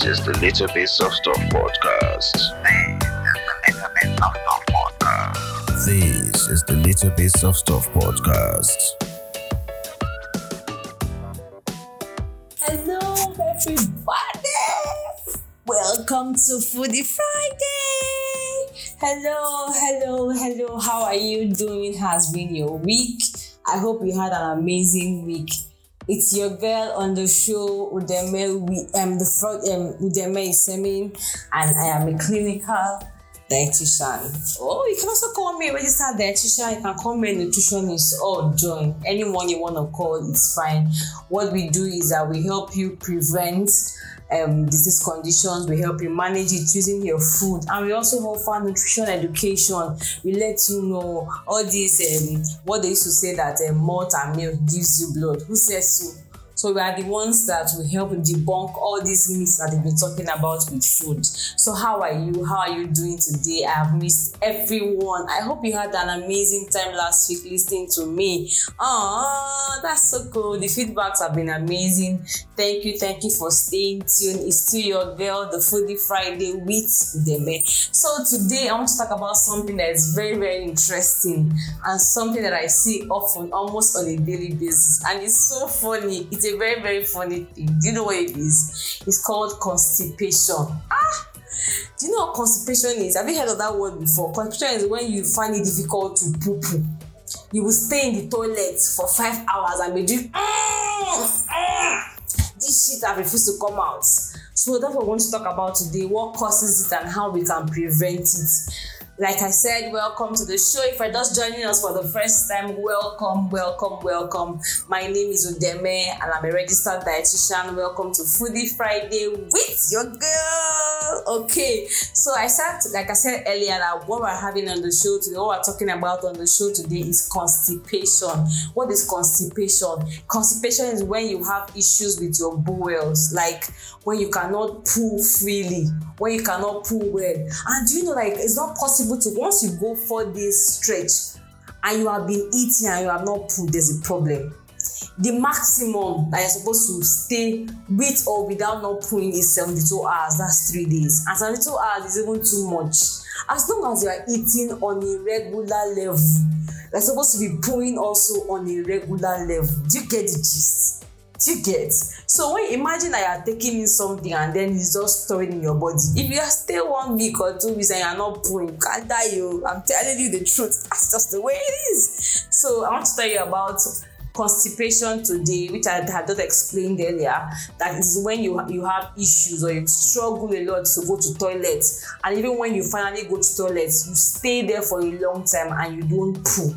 This just a little bit of stuff podcast. This is the Little Bits of Stuff podcast. Hello, everybody! Welcome to Foodie Friday! Hello, hello, hello. How are you doing? Has been your week? I hope you had an amazing week it's your girl on the show, Udeme. We am um, the front um, Udeme is Semi, and I am a clinical dietitian Oh, you can also call me a registered dietitian you can call me a nutritionist or oh, join anyone you want to call it's fine what we do is that we help you prevent um, disease conditions. We help you manage it using your food, and we also offer nutrition education. We let you know all this um, what they used to say that uh, malt and milk gives you blood. Who says so? So we are the ones that will help debunk all these myths that they've been talking about with food. So how are you? How are you doing today? I have missed everyone. I hope you had an amazing time last week listening to me. Oh, that's so cool. The feedbacks have been amazing. Thank you, thank you for staying tuned. It's still your girl, the Foodie Friday with Deme. So today I want to talk about something that is very, very interesting and something that I see often, almost on a daily basis, and it's so funny. It's a very very funny thing do you know what it is it's called constipation ah do you know what constipation is have you heard of that word before constipation is when you find it difficult to poop. you will stay in the toilet for five hours and be doing mm, mm, this shit have refuse to come out so that's what we want to talk about today what causes it and how we can prevent it Like I said, welcome to the show. If you're just joining us for the first time, welcome, welcome, welcome. My name is Udeme and I'm a registered dietitian. Welcome to Foodie Friday with your girl well, okay. So I said, like I said earlier, that what we're having on the show today, what we're talking about on the show today is constipation. What is constipation? Constipation is when you have issues with your bowels, like when you cannot pull freely, when you cannot pull well. And do you know, like it's not possible to once you go for this stretch and you have been eating and you have not pulled, there's a problem the maximum that you're supposed to stay with or without not pooing is 72 hours that's three days and 72 hours is even too much as long as you are eating on a regular level you're supposed to be pooing also on a regular level do you get the gist do you get so when you imagine that you are taking in something and then it's just stored in your body if you are stay one week or two weeks and you are not pooing you can die you. Oh. i'm telling you the truth that's just the way it is so i want to tell you about constipation today, which I had not explained earlier, that is when you you have issues or you struggle a lot to go to toilet, and even when you finally go to toilet, you stay there for a long time and you don't poo.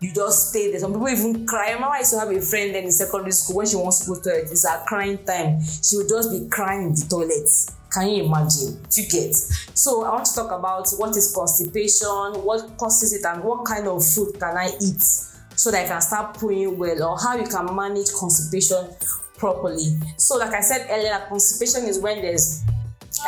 You just stay there. Some people even cry. I remember I used to have a friend then in secondary school when she wants to go to toilet, it's her crying time. She would just be crying in the toilet. Can you imagine? You get. So I want to talk about what is constipation, what causes it, and what kind of food can I eat so that you can start pulling well or how you can manage constipation properly. So, like I said earlier, constipation is when there's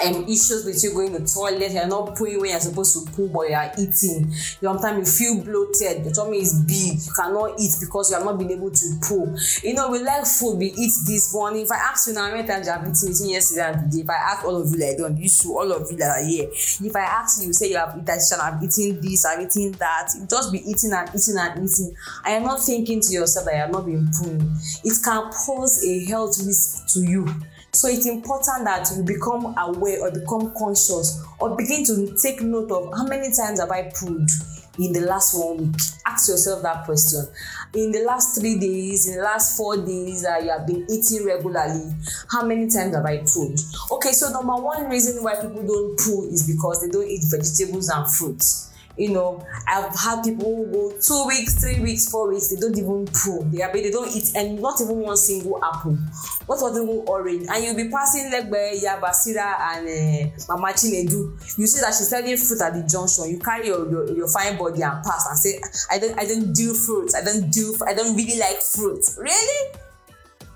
um, issues with you going to the toilet, you're not pooing when you're supposed to poo, but you are eating. Sometimes you feel bloated, your tummy is big, you cannot eat because you have not been able to poo. You know, we like food, we eat this one. If I ask you now many times you have eaten between yesterday and today, if I ask all of you like don't, you should, all of you that are here. If I ask you, you say you have eaten, I've eaten this, I've eaten that, you just be eating and eating and eating. I am not thinking to yourself that you have not been pooing. It can pose a health risk to you. So it's important that you become aware or become conscious or begin to take note of how many times have I pulled in the last one week? Ask yourself that question. In the last three days, in the last four days that you have been eating regularly, how many times have I pulled? Okay, so number one reason why people don't pull is because they don't eat vegetables and fruits. you know i've had people who go two weeks three weeks four weeks they don't even pull they are they don't eat and not even one single apple not one single orange and you'll be passing legbe yabasira and uh, mama chinedu you see that she's selling fruit at the junction you carry your your, your fine body and pass and say i don't i don't do fruit i don't do i don't really like fruit really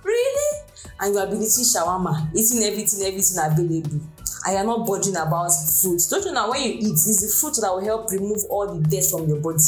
really and you are been eating shawama eating everything everything available and you're not bothering about food. Don't you know when you eat, it's the food that will help remove all the death from your body.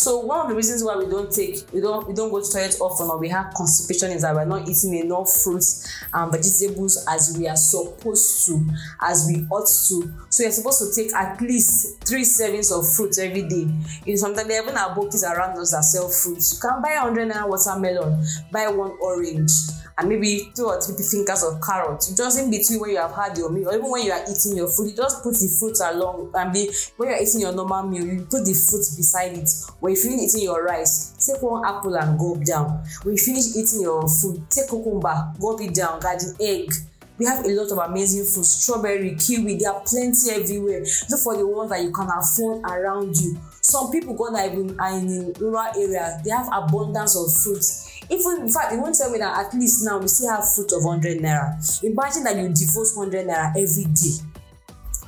So one of the reasons why we don't take, we don't, we don't go to toilet often, or we have constipation is that we're not eating enough fruits and vegetables as we are supposed to, as we ought to. So you're supposed to take at least three servings of fruits every day. You know, sometimes even our bookies around us that sell fruits. You can buy 100 naira watermelon, buy one orange, and maybe two or three fingers of carrot. Just in between when you have had your meal, or even when you are eating your food, you just put the fruit along. And be when you're eating your normal meal, you put the fruit beside it. When When you finish eating your rice, take one apple and gulp down. When you finish eating your food, take cucumber, gulp it down, garden egg. We have a lot of amazing food, strawberry, kiwi, there are plenty everywhere. Look for the ones that you can afford around you. Some people go that even are in rural areas, they have abundance of fruits. even in fact they won't tell me that at least now we still have fruit of hundred naira imagine that you devote hundred naira every day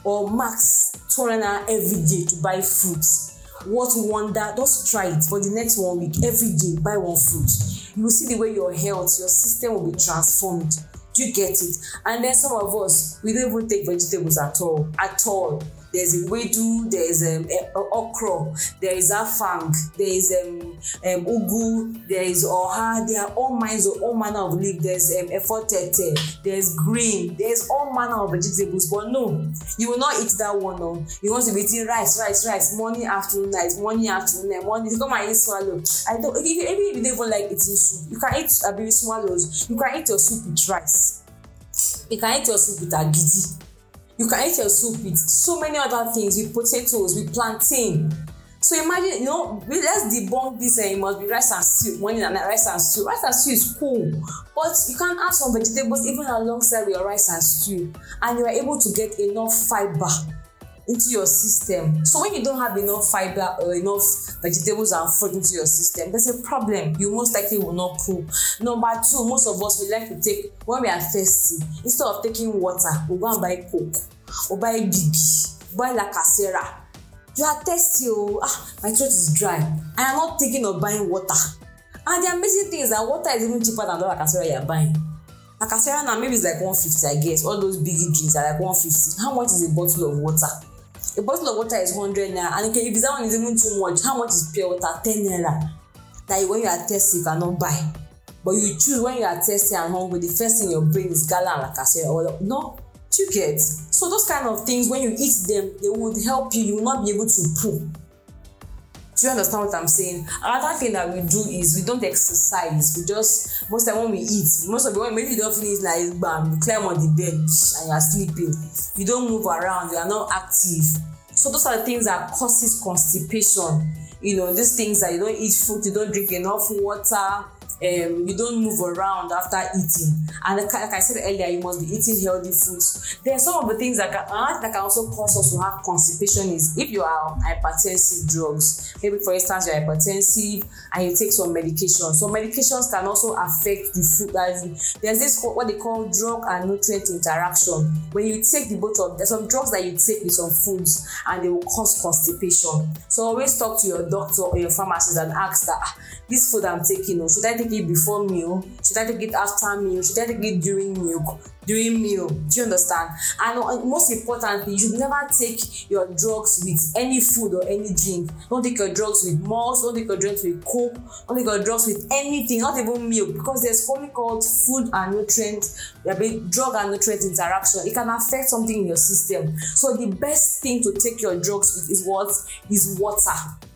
or max two hundred naira every day to buy fruits. what wonder just try it for the next one week every day buy one fruit you will see the way your health your system will be transformed you get it and then some of us we don't even take vegetables at all at all there's wedu there's um, eh, okro, there is afang there is um, um, ugu there is oha there are all kinds of all manner of leaf there's um, efotete there's green there's all manner of vegetables but no you will not eat that one o you want to be eating rice rice rice morning afternoon night morning afternoon night morning come and eat swallow i don't even if you don't even like eating soup you can eat abi swallows you can eat your soup with rice you can eat your soup with agidi You can eat your soup with so many other things, with potatoes, with plantain. So imagine, you know, let's debunk this. Uh, it must be rice and stew, morning and rice and stew. Rice and stew is cool, but you can add some vegetables even alongside your rice and stew, and you are able to get enough fiber into your system. So when you don't have enough fiber or enough vegetables and fruit into your system, there's a problem. You most likely will not poop. Number two, most of us we like to take when we are thirsty, instead of taking water, we go and buy coke or buy BB, buy La Casera. You are thirsty, oh, ah, my throat is dry. I am not thinking of buying water. And the amazing thing is that water is even cheaper than the La Casera you are buying. Like I now maybe is like 150, I guess. All those biggie drinks are like 150. How much is a bottle of water? a bottle of water is hundred naira and okay, if that one is even too much how much is pure water ten naira Like when you are thirsty you cannot buy but you choose when you are thirsty and hungry the first thing your brain is gala like I lakasere or no you get so those kind of things when you eat them they would help you you will not be able to poop. Do you understand what I'm saying? Another thing that we do is we don't exercise. We just most of the time when we eat, most of the time maybe you don't finish like bam, you climb on the bed and you are sleeping. You don't move around. You are not active. So those are the things that causes constipation. You know these things that you don't eat food, you don't drink enough water um, you don't move around after eating. And like, I said earlier, you must be eating healthy foods. There are some of the things that can, uh, that can also cause us to have constipation is if you are on hypertensive drugs. Maybe for instance, you're hypertensive and you take some medication. So medications can also affect the food. there's this what they call drug and nutrient interaction. When you take the both of there's some drugs that you take with some foods and they will cause constipation. So always talk to your doctor or your pharmacist and ask that ah, this food i'm taking o oh, should i take it before meal should i take it after meal should i take it during meal during meal do you understand and uh, most importantly you should never take your drugs with any food or any drink don't take your drugs with malt don't take your drugs with coke don't take your drugs with anything not even milk because there's something called food and nutrient drug and nutrient interaction it can affect something in your system so the best thing to take your drugs with is what is water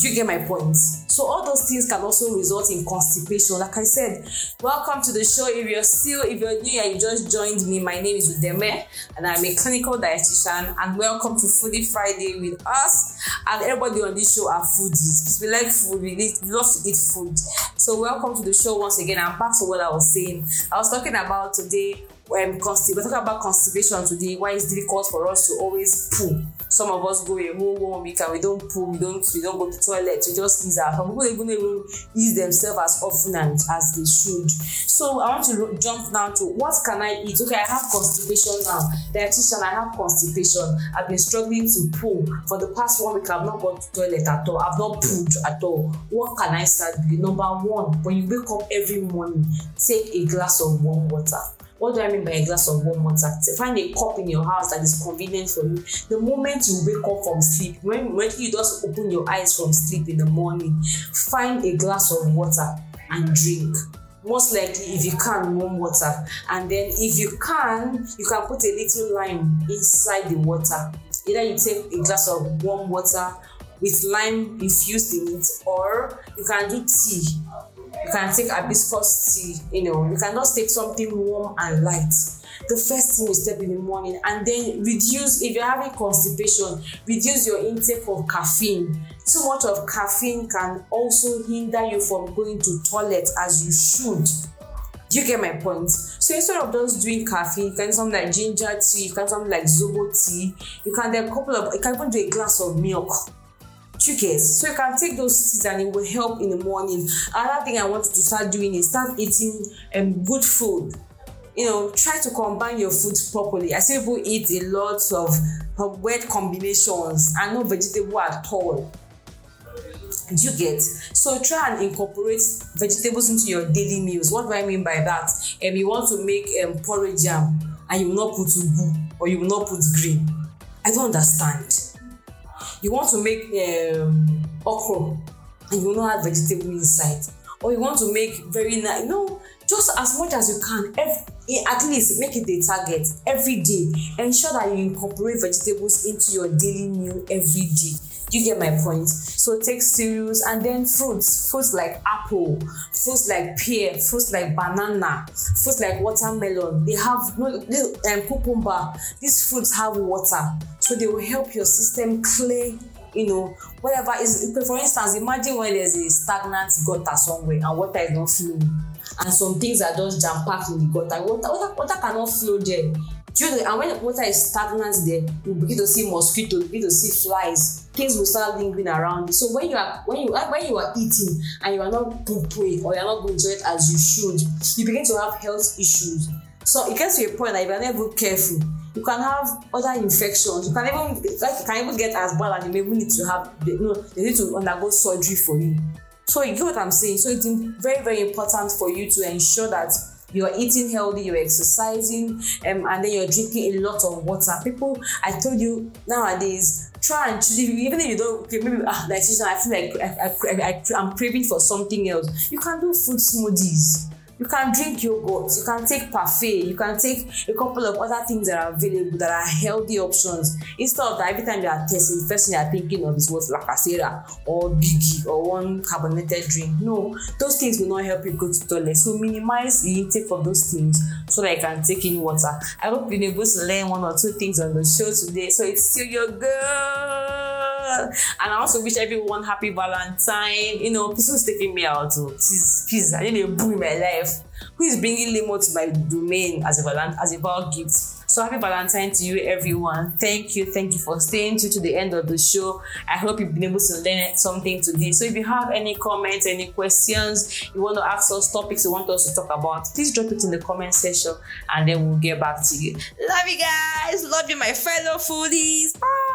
Do you get my point? So all those things can also result in constipation. Like I said, welcome to the show. If you're still, if you're new and you just joined me, my name is Udeme and I'm a clinical dietitian. And welcome to Foodie Friday with us. And everybody on this show are foodies because we like food, we, love to eat food. So welcome to the show once again. I'm back to what I was saying. I was talking about today um, conserve, we talk about constipation today, why it's difficult for us to always poo. Some of us go a whole one week and we don't poo, we don't, we don't go to toilet, we just ease out. Some people even even ease themselves as often and as they should. So I want to jump now to what can I eat? Okay, I have constipation now. Dietitian, I have constipation. I've been struggling to poo for the past one week. I've not gone to toilet at all. I've not pooed at all. What can I start doing? Number one, when you wake up every morning, take a glass of warm water. What do I mean by glass of warm water? Find a cup in your house that is convenient for you. The moment you wake up from sleep, when, when you just open your eyes from sleep in the morning, find a glass of water and drink. Most likely, if you can, warm water. And then, if you can, you can put a little lime inside the water. Either you take a glass of warm water with lime infused in it, or you can do tea you can take hibiscus tea, you know, you can just take something warm and light. The first thing you step in the morning, and then reduce if you're having constipation, reduce your intake of caffeine. Too much of caffeine can also hinder you from going to toilet as you should. Do you get my point? So instead of just doing caffeine, you can do something like ginger tea, you can do something like zobo tea, you can do a couple of, you can even do a glass of milk chickens so you can take those seeds and it will help in the morning another thing i want you to start doing is start eating um, good food you know try to combine your food properly i see people eat a lot of uh, combinations and no vegetable at all do you get so try and incorporate vegetables into your daily meals what do i mean by that um, you want to make um, porridge jam and you will not put ugu or you will not put green i don't understand you want to make um, okra and you no add vegetable inside or you want to make very nice you know just as much as you can every, eh, at least make it a target every day ensure that you incorporate vegetables into your daily meal every day You get my point. So take cereals and then fruits. Fruits like apple, fruits like pear, fruits like banana, fruits like watermelon. They have no um, cucumber. These fruits have water, so they will help your system clear you know whatever is for instance imagine when there's a stagnant gutter somewhere and water is not flowing and some things are just jam packed in the gutter water water water cannot flow there you and when water is stagnant there you begin to see mosquitoes, you begin to see flies things will start lingering around you so when you are when you are when you are eating and you are not pooping or you are not going to it as you should you begin to have health issues so it gets to a point that if you are not even careful you can have other infections you can even like you can even get as bad and you may even need to have you know they need to undergo surgery for you so you get what i'm saying so it's very very important for you to ensure that you're eating healthy, you're exercising, um, and then you're drinking a lot of water. People, I told you nowadays, try and choose. Even if you don't, okay, maybe ah, I feel like I, I, I, I, I'm craving for something else. You can do food smoothies you can drink yogurt, you can take parfait, you can take a couple of other things that are available that are healthy options. Instead of that, every time you are testing, the first thing you are thinking of is what lacasera or biggie or one carbonated drink. No, those things will not help you go to toilet. So minimize the intake of those things so that you can take in water. I hope you've been able to learn one or two things on the show today. So it's still your girl. and I also wish everyone happy Valentine. You know, please who's taking me out? Oh, please, I need a boo in my life. Who is bringing limo to my domain as a valent as a valent gift? So happy Valentine to you, everyone. Thank you, thank you for staying to, to the end of the show. I hope you've been able to learn something today. So if you have any comments, any questions, you want to ask us topics you want us to talk about, please drop it in the comment section and then we'll get back to you. Love you guys. Love you, my fellow foodies. Bye.